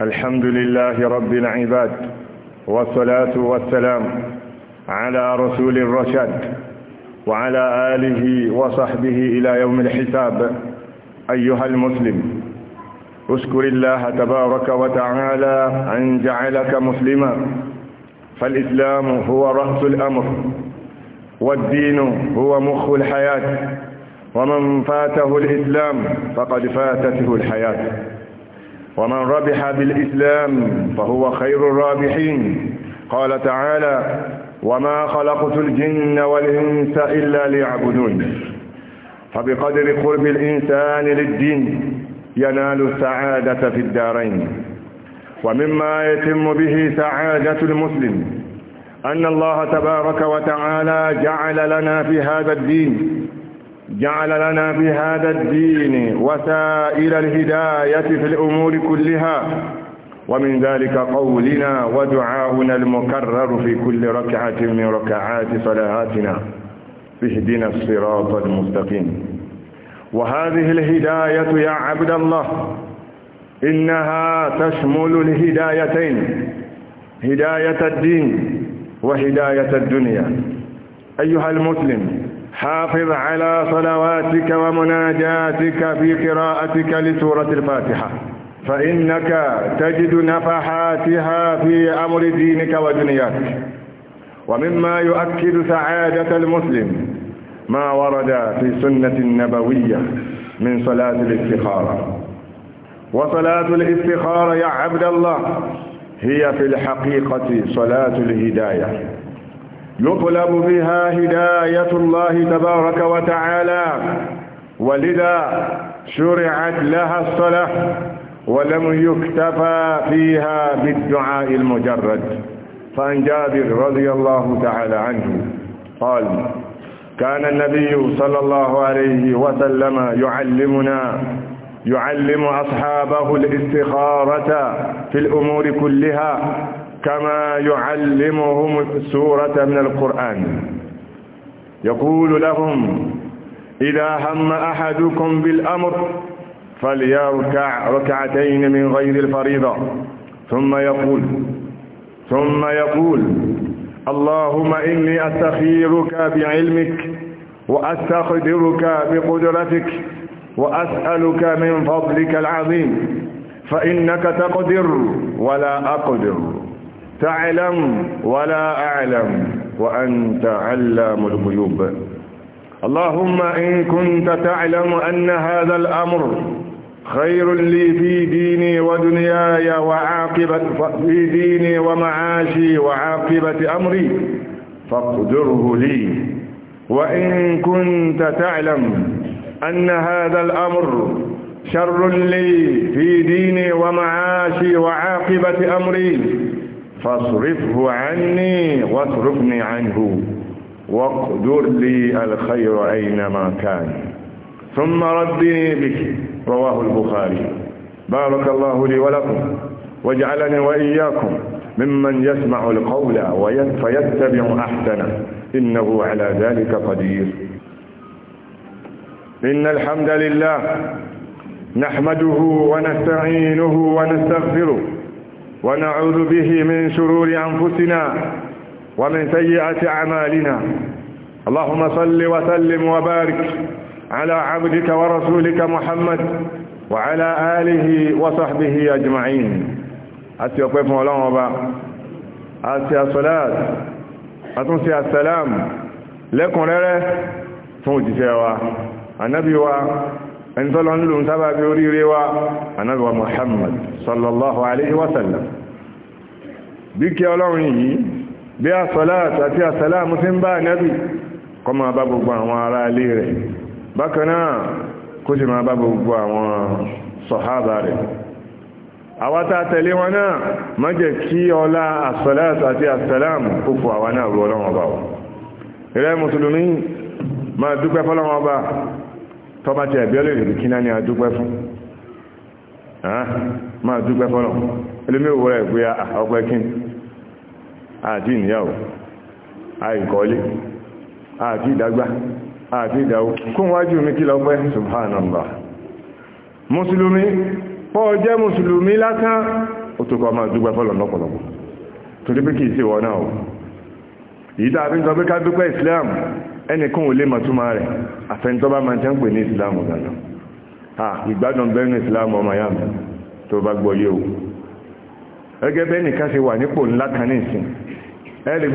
الحمد لله رب العباد والصلاة والسلام على رسول الرشاد وعلى آله وصحبه إلى يوم الحساب أيها المسلم اشكر الله تبارك وتعالى أن جعلك مسلما فالإسلام هو رأس الأمر والدين هو مخ الحياة ومن فاته الإسلام فقد فاتته الحياة ومن ربح بالإسلام فهو خير الرابحين قال تعالى وما خلقت الجن والإنس إلا ليعبدون فبقدر قرب الإنسان للدين ينال السعادة في الدارين ومما يتم به سعادة المسلم أن الله تبارك وتعالى جعل لنا في هذا الدين جعل لنا بهذا الدين وسائل الهداية في الأمور كلها ومن ذلك قولنا ودعاؤنا المكرر في كل ركعة من ركعات صلاتنا اهدنا الصراط المستقيم وهذه الهداية يا عبد الله إنها تشمل الهدايتين هداية الدين وهداية الدنيا أيها المسلم حافظ على صلواتك ومناجاتك في قراءتك لسورة الفاتحة فإنك تجد نفحاتها في أمر دينك ودنياك ومما يؤكد سعادة المسلم ما ورد في سنة النبوية من صلاة الاستخارة وصلاة الاستخارة يا عبد الله هي في الحقيقة صلاة الهداية يطلب بها هداية الله تبارك وتعالى ولذا شرعت لها الصلاة ولم يكتفى فيها بالدعاء المجرد فعن جابر رضي الله تعالى عنه قال كان النبي صلى الله عليه وسلم يعلمنا يعلم أصحابه الاستخارة في الأمور كلها كما يعلمهم السورة من القرآن يقول لهم إذا هم أحدكم بالأمر فليركع ركعتين من غير الفريضة ثم يقول ثم يقول اللهم إني أستخيرك بعلمك وأستقدرك بقدرتك وأسألك من فضلك العظيم فإنك تقدر ولا أقدر تعلم ولا أعلم وأنت علام الغيوب اللهم إن كنت تعلم أن هذا الأمر خير لي في ديني ودنياي وعاقبة في ديني ومعاشي وعاقبة أمري فاقدره لي وإن كنت تعلم أن هذا الأمر شر لي في ديني ومعاشي وعاقبة أمري فاصرفه عني واصرفني عنه واقدر لي الخير أينما كان ثم ردني بك رواه البخاري بارك الله لي ولكم واجعلني وإياكم ممن يسمع القول فيتبع أحسنه إنه على ذلك قدير إن الحمد لله نحمده ونستعينه ونستغفره ونعوذ به من شرور أنفسنا ومن سيئات أعمالنا اللهم صل وسلم وبارك على عبدك ورسولك محمد وعلى آله وصحبه أجمعين أتي أقف مولانا وبا أتي الصلاة أتنسي السلام لكم لله فوجي سوا النبي وعلى ẹni tọ́lọ ń lò ń sábà bí oríire wa anábíwa Muhammad sallallahu alaihi wasallam bí kí ọlọ́run yìí bí a sọ́láàtì àti àsàlámù tí ń bá nẹ́bì kó máa bá gbogbo àwọn ará ilé rẹ̀ bákan náà kó sì máa bá gbogbo àwọn sọ̀hábà rẹ̀ àwátá tẹ̀lé wọn náà má jẹ́ kí ọlá àsàláàtì àti àsàlámù kókò àwọn náà rú ọlọ́run ọba tọ́bá jẹ́ ẹ̀bí ọlẹ́ ìrìbí kíná ní àdúgbẹ́ fún máa dúgbẹ́ fọ́nà ẹlẹ́mí òwúrọ̀ ọgbẹ́ kí àti ìníyàwó àìkọ́lé àti ìdágbà àti ìdáwó kún wájú mi kí lọ́pẹ́ subhanallah mùsùlùmí mùsùlùmí otu ẹnìkan ò lè màtúmà rẹ̀ àfẹ́ntọ́bá máa tẹ́ ń pè ní ìsìláàmù gánà ìgbádùn bẹ́ẹ̀nù ìsìláàmù ọmọ yà mẹ́ tó bá gbọ́ ẹgẹ́ ṣe wà nípò ńlá kan ní ìsìn ẹ̀rì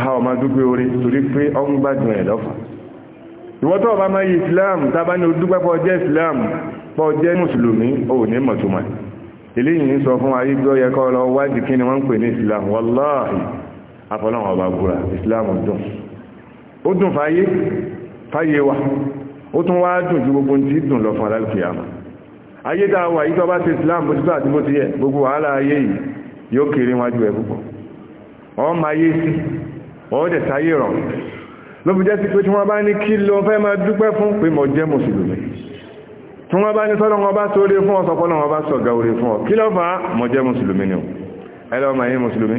ha ọmọ dúpé orí torí pé ọ gbádùn ẹ̀ lọ́fà tó máa yí ní pọ̀ jẹ́ pọ̀ jẹ́ afọlọ́wọ̀n ọba búra islam dùn ó dùn fáyé fáyé wa ó tún wá dùn ju gbogbo tí dùn lọ fún alálùkìyàmà ayé dáa wà yíká bá ti islam bó ti bá àti bó ti yẹ gbogbo wàhálà ayé yìí yóò kéré wájú ẹ púpọ̀ ọ ma yé sí ọ dẹ̀ sáyé rọ̀ ló fi jẹ́ sí pé tí wọ́n bá ní kí lọ fẹ́ máa dúpẹ́ fún pé mo jẹ́ mùsùlùmí tí wọ́n bá ní sọ́dọ̀ wọn bá sóre fún ọ sọpọ́lọ́ wọn bá sọ̀gá orí fún ọ kí ló fà á mo jẹ́ mùsùlùmí ni ọ ẹlọ́mà yé mùsùlùmí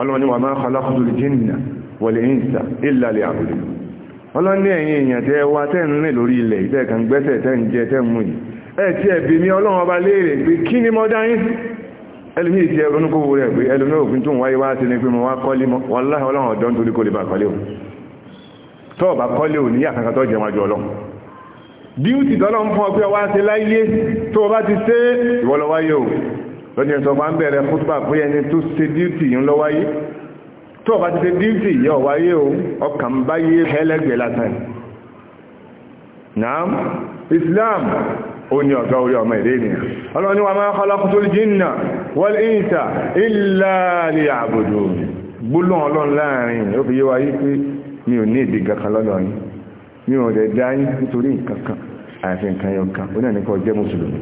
ọlọ́ni wà máa kọlákùtù jínà wọlé ìsà ìlàlẹ̀ àbúlé ọlọ́ni ẹ̀yìn èèyàn tẹ́ wá tẹ́ ń rìn lórí ilẹ̀ ìtẹ́ kan gbẹ́sẹ̀ tẹ́ ń jẹ tẹ́ mú yìí ẹ ti ẹ̀bì mi ọlọ́run ọba léèrè pé kí ni mo dáyín ẹlùmí ti ẹrù nukúwò rẹ̀ pé ẹlùmí òfin tó ń tọ́lọ́ ń fún ọ pé ọwá láyé tó bá ti ṣe ìwọ́lọ́wáyé o lọ́jọ́ ìsọ̀fà ń bẹ̀rẹ̀ fútbà pé ẹni tó ṣe díútì yìí lọ wáyé tó ọba ti ṣe díútì yọ wáyé o ọkàn báyé ẹlẹ́gbẹ̀ẹ́ látàn náà Islam ó ní ọ̀gá orí ọmọ ìdé ènìyàn ọlọ́run ni wà máa khalaqtul jinna wal insa illa liya'budun gbólóhùn ọlọ́run láàrin ó fi yé wáyé pé mi ò ní ìdí kankan lọ́dọ̀ yìí mi ò dẹ̀ dá yín nítorí nǹkan kan àyàfi nǹkan yọ kan ó náà nípa ọjẹ́ mùsùlùmí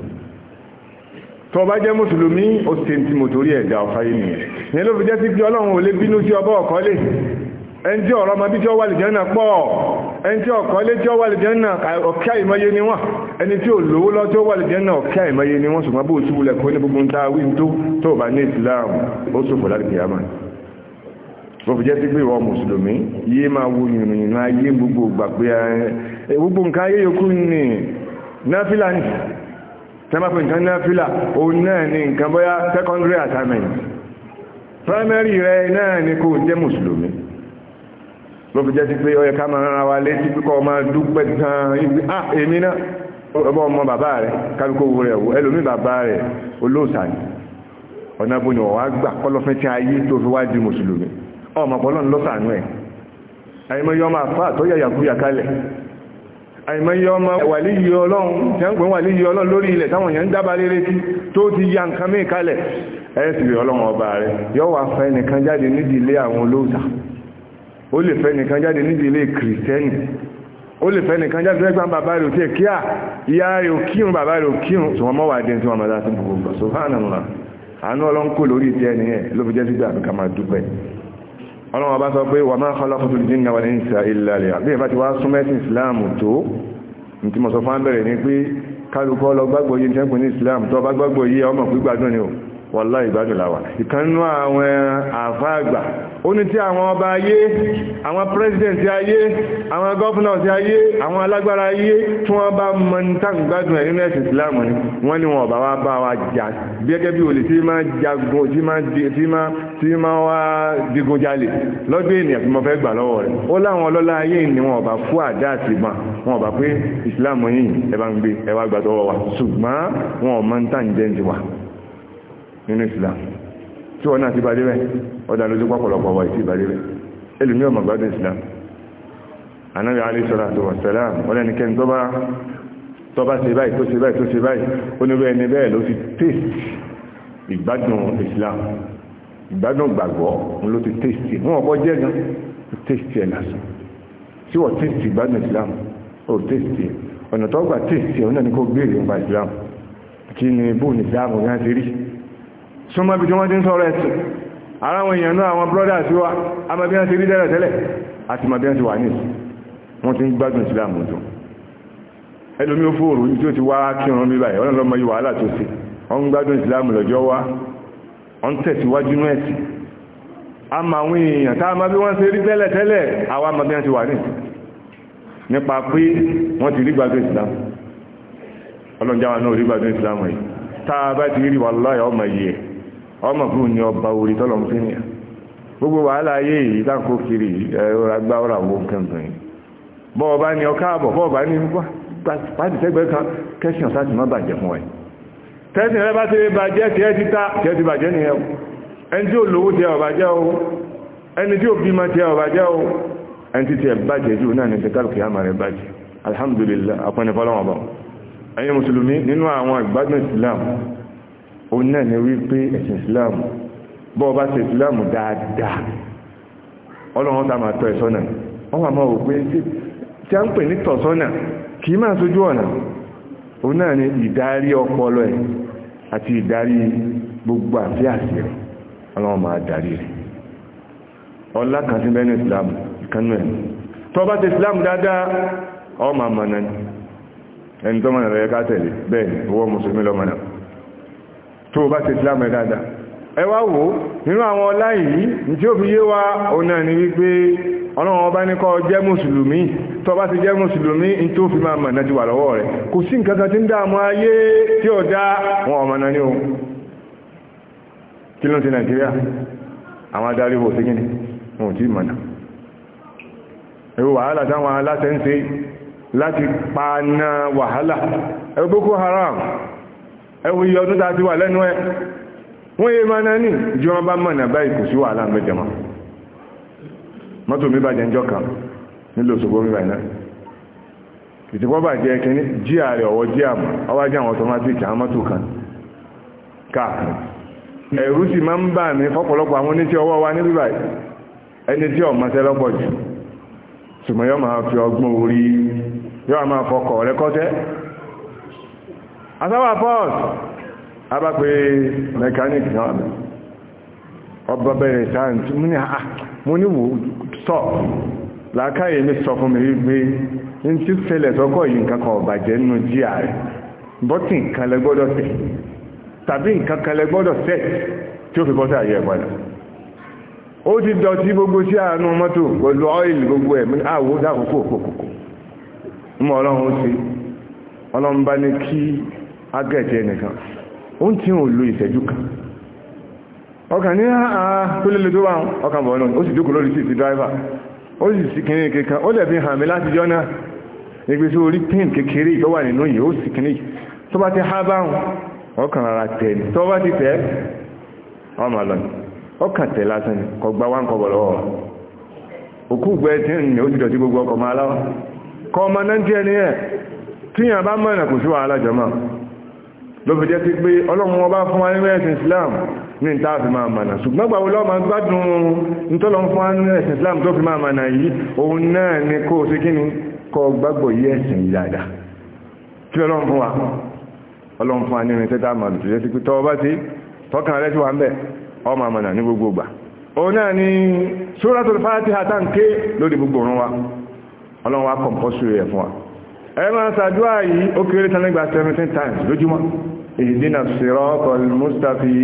tó bá jẹ́ mùsùlùmí ó ti tí mo torí ẹ̀dà ọ̀fáyé nìyẹn ní ló fi jẹ́ sí pé ọlọ́run ò lè bínú tí ọbọ̀ ọ̀kọ́lé ẹni tí ọ̀rọ̀ ọmọbí tí ó wà lè jẹ́nà pọ̀ ẹni tí ọ̀kọ́lé tí ó wà lè jẹ́nà ọ̀kẹ́ àìmọye ni wọ́n ẹni tí ò lówó lọ tí ó wà lè jẹ́nà ọ̀kẹ́ àìmọye ni wọ́n ṣùgbọ́n bó o túbulẹ̀ kó ní gbogbo ń wí tó tó bá ní Islam ó ṣòfò láti kìyàmá tó fi jẹ́ sí pé ìwọ mùsùlùmí yé máa wo yìnyín ayé gbogbo gbàgbé gbogbo nǹkan ayé yòókù ní náfìlà nìyí tẹ́mà fún nǹkan náà fílà òun náà ni nǹkan bóyá secondary assignment primary rẹ̀ náà ni kò jẹ́ mùsùlùmí ló fi jẹ́ sí pé ó yẹ ká máa rárá wa létí pípọ̀ dúpẹ́ gan ibi ah èmi náà ọmọ ọmọ bàbá rẹ̀ kálukó wo rẹ̀ wò ẹlòmí bàbá rẹ̀ olóòsà ni ọ̀nà bóyá wà gbà kọ́lọ́fẹ́ tí ayé tó fi wá di mùsùlùmí ọmọ ọpọlọ́n lọ́sàánú ẹ̀ àyẹ̀mọ́ yọ máa fà tó yẹ yàkúyà kalẹ̀ àìmọye ọmọ wàlí yìí ọlọ́run tí a ń pè wàlí yìí ọlọ́run lórí ilẹ̀ táwọn èèyàn ń dábà lérè tí tó ti ya nǹkan mí kalẹ̀ ẹ̀ẹ́sìrì ọlọ́run ọba rẹ̀ yóò wá fẹ́ nìkan jáde nídìí ilé àwọn olóòtà ó lè fẹ́ nìkan jáde nídìí ilé kìrìtẹ́nì ó lè fẹ́ nìkan jáde nígbà bàbá rẹ̀ òtí ọlọ́wọ́ bá sọ pé wà máa khalaqtul jinna wal insa illa liya'budun bí ìbá ti wá súnmẹ́sì islam tó ní tí mo sọ fán bẹ̀rẹ̀ ní pé kálukọ́ lọ gbàgbọ́ yí jẹ́ pín ní islam tó bá gbàgbọ́ yí ọmọ pígbàdùn ni ò wallahi ìgbàdùn láwà ó ní tí àwọn ọba ayé àwọn president ayé àwọn governors ayé àwọn alágbára ayé tí wọ́n bá mọ ní tàǹgbádùn ẹ̀ nínú ẹ̀sìn Islam ni wọ́n ní wọn ọba wa bá wa jà gẹ́gẹ́ bí olè tí máa jagun tí máa tí máa tí máa wá digun jalè lọ́dún ènìyàn tí mo fẹ́ gbà lọ́wọ́ rẹ̀ ó láwọn ọlọ́lá ayé ni wọn ọba fún àdá àti ìbọn wọn ọba pé Islam yìí ẹ bá ń gbé ẹ wá gbàdọ́wọ́ wa ṣùgbọ́n wọn ọmọ ń ti wà nínú Islam tí wọ́n náà ti bá débẹ̀ ọ̀dà lójú pọ̀pọ̀lọpọ̀ wà ìtì bá débẹ̀ ẹlùmí ọmọ gbádùn Islam anábì alayhi salatu wa salam ọlẹ́nikẹ́ni tó bá ṣe báyìí tó ṣe báyìí tó ṣe báyìí ó ní bẹ́ẹ̀ ni bẹ́ẹ̀ ló ti taste ìgbádùn Islam ìgbádùn gbàgbọ́ ló ti taste e. wọn ọ̀pọ̀ jẹ́ gan taste ẹ̀ e lásán tí wọ́n taste ìgbádùn Islam ó taste e. ọ̀nà tó gbà taste ọ̀nà ni kò gbèrè nípa Islam kí ni bóun Islam ní á ti rí súnmọ́ ibi tí wọ́n ti ń sọ̀rọ̀ ẹ̀sìn ara wọn èèyàn náà àwọn brọ́dà sí wa a máa bí wọ́n ti rí dẹ́rẹ̀ tẹ́lẹ̀ àti máa bí wọ́n ti wà ní wọ́n ti ń gbádùn sí láàmú tó ẹlòmí ó fòòrò tí ó ti wá kírun bí báyìí ọ̀nà lọ́mọ yìí wàhálà náà rí tẹ́lẹ̀ tẹ́lẹ̀ àwa máa ti wà ní nípa rí gbádùn ìsìláàmù ọmọ yìí ọmọ fún ní ọba orí tọ́lọ̀ ń fi nìyà gbogbo wàhálà ayé yìí táǹkó kiri ẹ̀rọ agbára wo kẹ́ǹtàn yìí bọ́ọ̀ bá ní ọká àbọ̀ bọ́ọ̀ bá ní pàdìsẹ́gbẹ́ kan ọ̀sá ti má bàjẹ́ fún ẹ̀ tẹ́sìn rẹ bá ti ẹni tí nínú àwọn ìgbádùn ìsìlámù òun náà ni wípé ẹ̀sìn islam bọ́ ọba ṣe islam dáadáa ọlọ́run tá máa tọ́ ẹ̀ sọ́nà wọ́n wà máa wò pé tí a ń pè ní tọ̀sọ́nà kì í máa sójú ọ̀nà òun náà ni ìdarí ọpọlọ ẹ̀ àti ìdarí gbogbo àti àṣẹ rẹ̀ ọlọ́run máa darí rẹ̀ ọlá kan sí bẹ́ẹ̀ islam ìkanú ẹ̀ tó bá ṣe islam dáadáa ọmọ àmàna ẹni tó mọ̀nà rẹ̀ ká tẹ̀lé bẹ́ẹ̀ ni owó mùsùlùmí tó bá ti islam dáadáa nínú àwọn ọlá yìí ní tí ó fi yé wa ni wípé ọlọ́run ọba ní kó jẹ́ mùsùlùmí tó bá ti jẹ́ mùsùlùmí tí fi máa ti wà lọ́wọ́ rẹ̀ kò sí nǹkan kan tí ń dààmú ayé tí ó dá wọn ọmọ náà ní kí ló ń nàìjíríà àwọn adarí sí wọn ò tí mọ̀nà wàhálà táwọn aláṣẹ Haram ẹwù iye ọdún tàbí wà lẹ́nu ẹ̀ wọ́n yé máa náà ní ìjọ wọn bá mọ̀nà báyìí kò sí wàhálà mẹ́jẹmọ́ mọ́tò mi bàjẹ́ ńjọ́ nílò mi báyìí náà ìtìpọ́ bàjẹ́ kìíní ọwọ́ ọwájú àwọn àwọn mọ́tò kan káàkiri ẹ̀rú sì máa ń bà mí fọ́pọ̀lọpọ̀ àwọn oníṣẹ́ ọwọ́ wa ní bíbáyìí ẹni tí ọ̀mọ́sẹ́ asáwà paul abá pé mechanic náà ọba bẹ̀rẹ̀ sáàntì mú ní àà ah, ah, mú ní wò stop làákàyè mi sọ fún mi wípé n tí ṣẹlẹ̀ sọ́kọ̀ yìí nǹkan kan ọ̀bàjẹ́ nínú gr bọ́tì nǹkan lẹ gbọ́dọ̀ tẹ̀ tàbí nǹkan kan lẹ gbọ́dọ̀ tẹ̀ tí ó fi bọ́tì àyẹ̀ padà ó ti dọ̀tí gbogbo sí àánú mọ́tò pẹ̀lú ọ́ìlì gbogbo ẹ̀ àwọ̀ ah, ó ti agẹ́ẹ̀tì ẹnìkan oún tí lo kan ọkàn ní àà ah, ah, tó lélẹ̀ tó wà ọkàn bọ̀ náà ó sì dúkù lórí sí ti ó sì sí kìíní kankan ó lẹ̀bí hàmí láti jọ náà ìgbésí orí pin kékeré tó wà nínú yìí ó sì kìíní tó bá ti há báhùn ọkàn rárá tẹ ní tó bá ti tẹ̀ ọmọ lọ kọ gba wá ń lọ́wọ́ òkú gbẹ tí ń ó dọ̀tí gbogbo kọ ọmọ náà tí ẹni ẹ̀ tíyàn bá kò sí wàhálà ló fi jẹ́ pé ọlọ́run ọba fún wa ẹ̀sìn islam ní ìta àfi máa mànà ṣùgbọ́n gbà wo lọ́mà gbádùn nítọ́lọ́ fún wa ẹ̀sìn islam tó fi máa mànà yìí òun náà ni kó o sí kí ni kó gbàgbọ́ yí ẹ̀sìn ọlọ́run fún wa ọlọ́run fún máa gbogbo ẹ máa ṣàdúrà yìí ó kéré tán lẹ́gbà 17 times lójúmọ́ ìdínà sírọ́tọ̀ mustaphi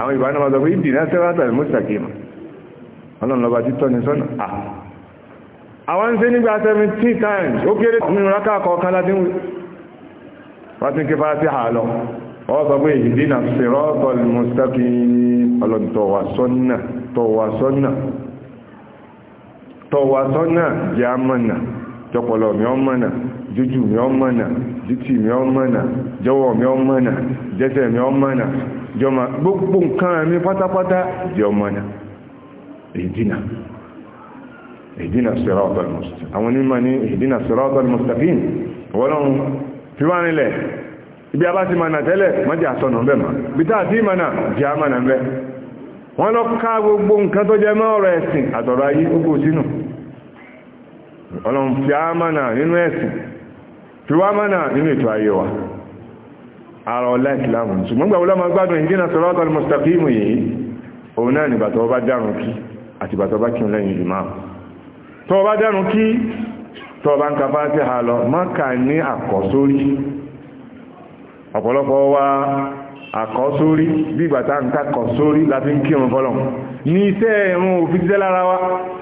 àwọn ìbáná máa sọ pé ìdínà sírọ́tọ̀ mustaphi ọlọ́run lọ́ba títọ́ ní sọ́nà àwọn ń ṣe nígbà 17 times ó kéré nínú rákà kọ̀ọ̀kan láti wí wọ́n ti ń ké fásitì àlọ́ wọ́n sọ pé ìdínà sírọ́tọ̀ mustaphi ọlọ́run tọ̀wà sọ́nà tọ̀wà sọ́nà tọ̀wà sọ́nà jẹ́ àmọ́nà jọpọlọ mi ọ mọ̀nà jújù mi ọ mọ̀nà jítì mi ọ mọ̀nà mi ọ mọ̀nà mi ọ mọ̀nà jọmọ gbogbo nǹkan mi pátápátá jẹ ọmọ̀nà ìdínà ìdínà siratal mustaqim àwọn onímọ̀ ní ìdínà siratal mustaqim wọ́n fi wá nílẹ̀ ibi abá ti mọ̀nà tẹ́lẹ̀ mọ́ gbogbo ọlọ́run fi á mọ́nà nínú ẹ̀sìn fi wá mọ́nà nínú ètò ayé wa ara ọlá ìsìlámù ṣùgbọ́n gbà wọ́lọ́mọ gbádùn ìdínà sọ́rọ́tọ̀ mọ̀sítàfíìmù yìí òun náà nìgbà tọ́wọ́ bá dárùn kí àti bàtọ́ bá kí lẹ́yìn ìlú máa tọ́wọ́ bá dárùn kí tọ́wọ́ bá ń ka fáńtì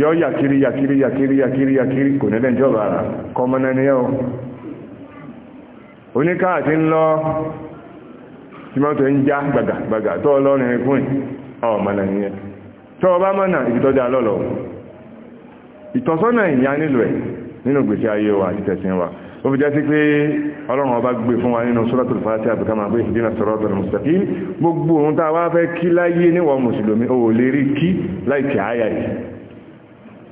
yọ yàkiri yàkiri yàkiri yàkiri yàkiri kò nílẹ̀ ìjọba ara kọmọnà ni ẹ́ oníkáàtí ń lọ tí mọ́tò ń já gbàgbàgbà tó ọlọ́rin fún ọmọnà ni ẹ́ tó ọba mọ́nà ìtọ́jà lọ́lọ́ ìtọ́sọ́nà ìyá nílò ẹ̀ nínú gbèsè ayé wa àti tẹ̀sìn wa ó fi jẹ́ sí pé ọlọ́run ọba gbé fún wa nínú suratul Fatiha àbùká máa gbé ìdínà siratal mustaqim gbogbo ohun tá a wá fẹ́ kí láyé níwọ̀n mùsùlùmí ó lè rí kí láìkì áyà yìí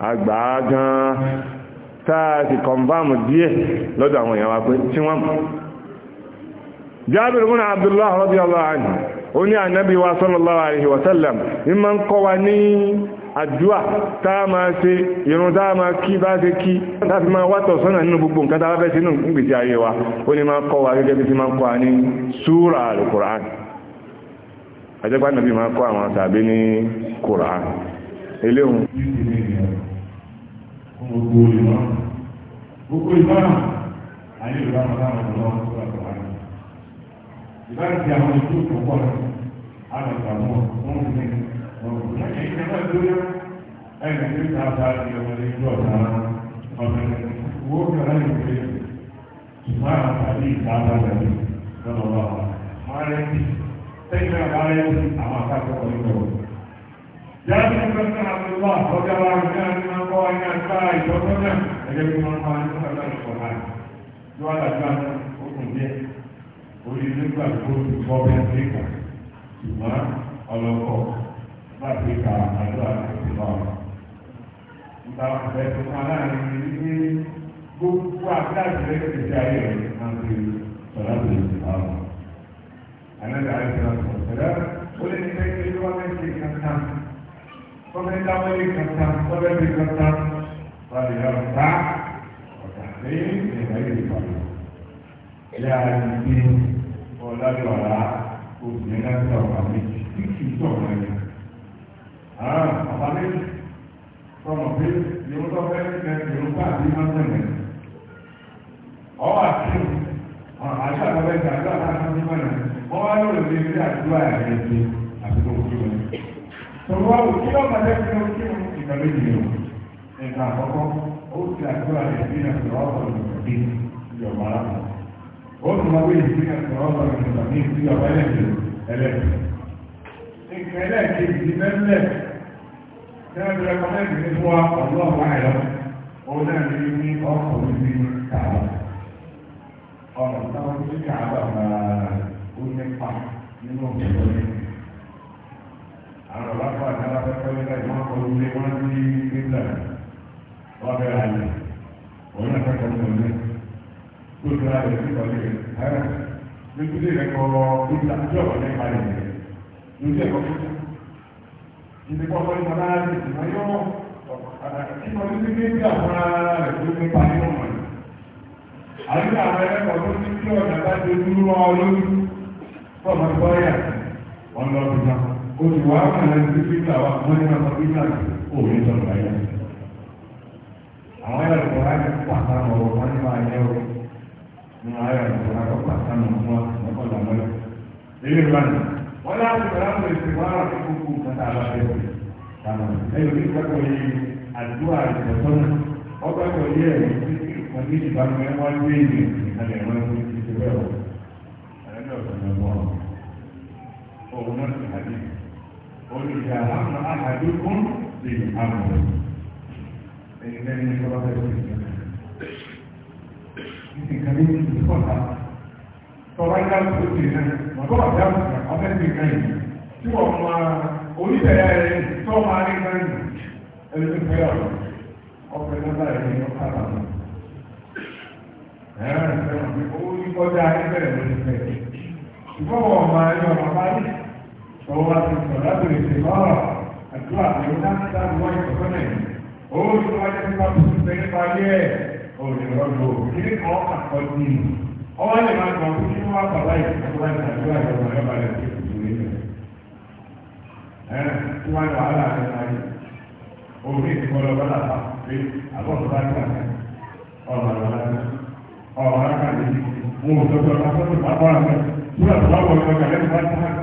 àgbà gan táà sì kọ̀nfàmù díẹ̀ lọ́dọ̀ àwọn èèyàn wa pé tí wọ́n jábìrì múnà abdullah radiyallahu anhu ó ní ànábí wa sallallahu wasallam ní ma ń kọ́ wa ní àdúà táà máa ṣe irun táà ma kí bá ṣe kí láti ma wátọ̀ sọ́nà nínú gbogbo nǹkan táà ma ma eléhùn gbogbo ìbára ti àwọn ìlú pọ̀ rẹ̀ alọ̀tà mọ́ wọn ní ọ̀rọ̀ lẹ́yìn ìjọba tó yá ẹ̀yìn tó ta ta di ọmọ ní ìjọ ọ̀tá ọmọ ìwọ kẹrẹ yìí pé ṣùgbọ́n àtàlí ìta àtàlẹ̀ mi lọ́wọ́ wọn rẹ̀ ti tẹ́yìn náà bá rẹ̀ جابر بن عبد الله رضي الله عنه من قوائم الفائز وكنا أجل من قوائم الله القرآن دعاء كان حكم به ولذلك الكل في صوب أمريكا ثم ألوكو ذلك أدعى الاختبار Ìtàwọn àgbẹ̀ tó máa láàrin ní gbogbo àgbáàjì lẹ́gbẹ̀ẹ́ ìgbésí ayé rẹ̀ máa ń fi sọ̀rọ̀ àti ìgbàlọ́. Àlẹ́ àti ìgbàlọ́ sọ̀rọ̀ ó lé ní pé kí wọ́n fẹ́ ṣe kankan فمن دعوه كتا فمن كتا فليرفع وتحريم لغير فريق إلى أن يكون ولا يرى كوزنا سوامج تكي سوامج آه أخبرك فما في يوم تفعل يوم تفعل ما تنين أو أكيد àṣà àbẹ̀tẹ̀ àgbà àti àti mọ̀nà wọ́n wá lórí ilé àdúrà ẹ̀yẹ́ àti tó kúrò tòun wá òkú lọ pàdé fún un kí wọn ìgbà méjì lò ẹ̀ka àkọ́kọ́ ó ti àdúrà rẹ̀ sí ẹ̀sọ̀rọ̀ ọ̀sọ̀rọ̀ ìgbàgbé ìjọba aláwọ̀ ó ti máa wé ìsí ẹ̀sọ̀rọ̀ ọ̀sọ̀rọ̀ ìgbàgbé ìjọba ẹlẹ́gbẹ̀ ẹlẹ́gbẹ̀ nǹkan ẹlẹ́gbẹ̀ ti mẹ́lẹ̀ tẹ́lẹ̀ rẹ̀kọ́mẹ́ntì ní fún wa pẹ̀lú ọ̀gá ẹ̀rọ òun ní ọkọ̀ níbi kàwá ọ̀nà táwọn ní kàwá ó nípa àwọn ọba fún àtàlà pẹpẹ nígbà tí wọn kọ ilé wọn ní nígbà wọn bẹ̀rẹ̀ àyè òun náà kẹ́kọ̀ọ́ ní ọdún tó tó ra rẹ nípa lè ẹ nítorí rẹ kọ nígbà tí ọ̀rọ̀ nípa lè rẹ lójú ẹ̀kọ́ fífún ìdí kọkọ ní ọlá rẹ ìmọ yóò mọ àtàkì ìmọ ní ní ní àwọn ará rẹ tó nípa nínú wọn àti àwọn ẹlẹ́kọ̀ọ́ tó ní kí ọ̀nà bá ti dúró ọ lórí fọmọ ìgbọ́yà wọn lọ bí náà olùwà àmàlà ti pítà wà wọ́n ní ọmọ pítà òní sọ̀rọ̀ ayé àwọn ẹ̀rọ ìwà ti pàtà ọ̀rọ̀ wọn ní máa yẹ ní ayé ẹ̀rọ ìwà tó pàtà ọ̀rọ̀ wọn lọ́kọ̀ làwọn ẹ̀rọ ilé ìwà ni wọ́n láti bẹ̀rẹ̀ àwọn èsì wọn àwọn akókò kàtà àlàbẹ̀ kàmà ẹ̀rọ ìgbàgbọ́ yìí àdúrà ìtọ́sọ́nà ọgbàgbọ́ yìí ẹ̀rọ ìgbàgbọ́ oníjà àmà àdúgbòn lè àmà ẹni lẹ́ni ìjọba bẹ̀rẹ̀ sí ìjọba nǹkan ní ìfọ̀ta tọ́wọ́ ìjà tó ti rẹ̀ mọ̀tọ́ àti àmà ọ̀fẹ́sì kan yìí tí wọ́n máa oníbẹ̀rẹ̀ rẹ̀ tọ́ máa rí kan yìí ẹni tó fẹ́ ọ̀rọ̀ ọ̀fẹ́ nọ́mbà rẹ̀ ní ọ̀ká àbàmọ́ ẹ̀rọ ìfẹ́ wọn ó yí kọjá ẹgbẹ̀rẹ̀ lórí fẹ́ ìfọwọ́ máa yọ ọ̀rọ̀ fọwọ́ ti sọ lábẹ̀rẹ̀ sí lọ́rọ̀ àdúrà ní ó dáhùn dáhùn wáyé kọ̀kọ́lẹ̀ ó ní wáyé nípa tó ti fẹ́ nípa ayé ẹ̀ ó lè rọ́lò kíní kan àkọ́ ní ìlú ọwọ́ lè máa gbọ́n fún kíní wá bàbá ìfọwọ́ àdúrà ìjọba ìjọba rẹ̀ sí ìdílé rẹ̀ ẹ̀ tí wọ́n lọ wàhálà rẹ̀ láyé òní ìkọlọ bọ́lá pa pé àbọ̀tọ̀ bá gbà ọ̀rọ̀ àlọ́ ọ̀rọ̀ àkàlẹ̀ mo ò sọ pé ọ̀rọ̀ àkọ́tọ̀ bá bọ́ àmọ́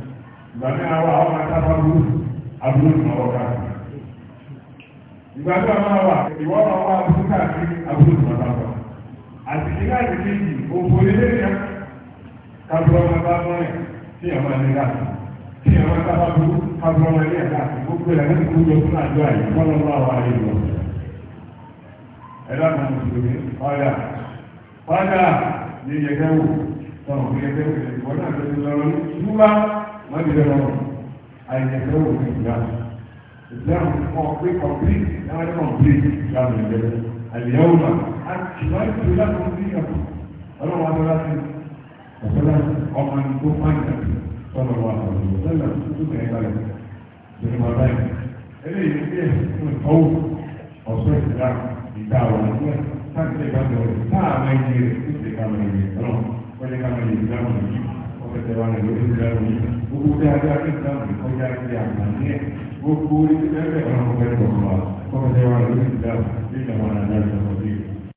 ìgbàmí àwọn àwọn atábàbù abúlé ìmọ̀wọ́ káàkiri ìgbàmí àwọn àwọn ìwọ́ àwọn abúlé káàkiri abúlé ìmọ̀wọ́ àti ìlà ìkejì òfò ilé ìyá kábíọ́ ọmọ bá mọ́rin tí ẹ̀mọ́ ẹni káàkiri tí ẹ̀mọ́ atábàbù kábíọ́ ọmọ ẹni káàkiri gbogbo ẹ̀ láti kú jọ fún àjọ àyè fọ́nà bá wà ayé lọ ẹ̀dá kan mùsùlùmí ọ̀yà ọ̀yà ní yẹ̀kẹ́wò tọ̀nà fún yẹ̀kẹ́wò ìwọ́n náà wọ́n ti lọ àìjẹ̀fẹ́ wò ní ìdáhùn ìdáhùn kan pé complete náà ní complete ìdáhùn ìjẹ́ àlìyáwó náà a ti wá ìpè láti ní ìyàwó ọlọ́wọ́ adọ́lá sí ọ̀sọ́lá ọmọ ní tó máa ń yà sọ́nà wà lọ́wọ́ sẹ́lẹ̀ tó kẹ́ balẹ̀ lórí wa báyìí eléyìí ní ẹ̀ fún ìtọ́wò ọ̀sọ́ ìdá ìdá àwọn ẹgbẹ́ sáà ti lè gbàgbọ́ rẹ̀ sáà máa ń yẹ ẹ̀ tó ti lè ká máa yẹ ọlọ́wọ́ wọ́n lè ká máa yẹ ìdáhùn ìjì ẹ̀tẹ̀wà rẹ̀ lórí ìdáwò yìí gbogbo dáadáa ní ìdáwò ní kọjá sí àgbàní ẹ̀ gbogbo orí tẹ́lẹ̀ ọ̀rọ̀ ọ̀gbẹ́rẹ̀ ọ̀gbà kọ́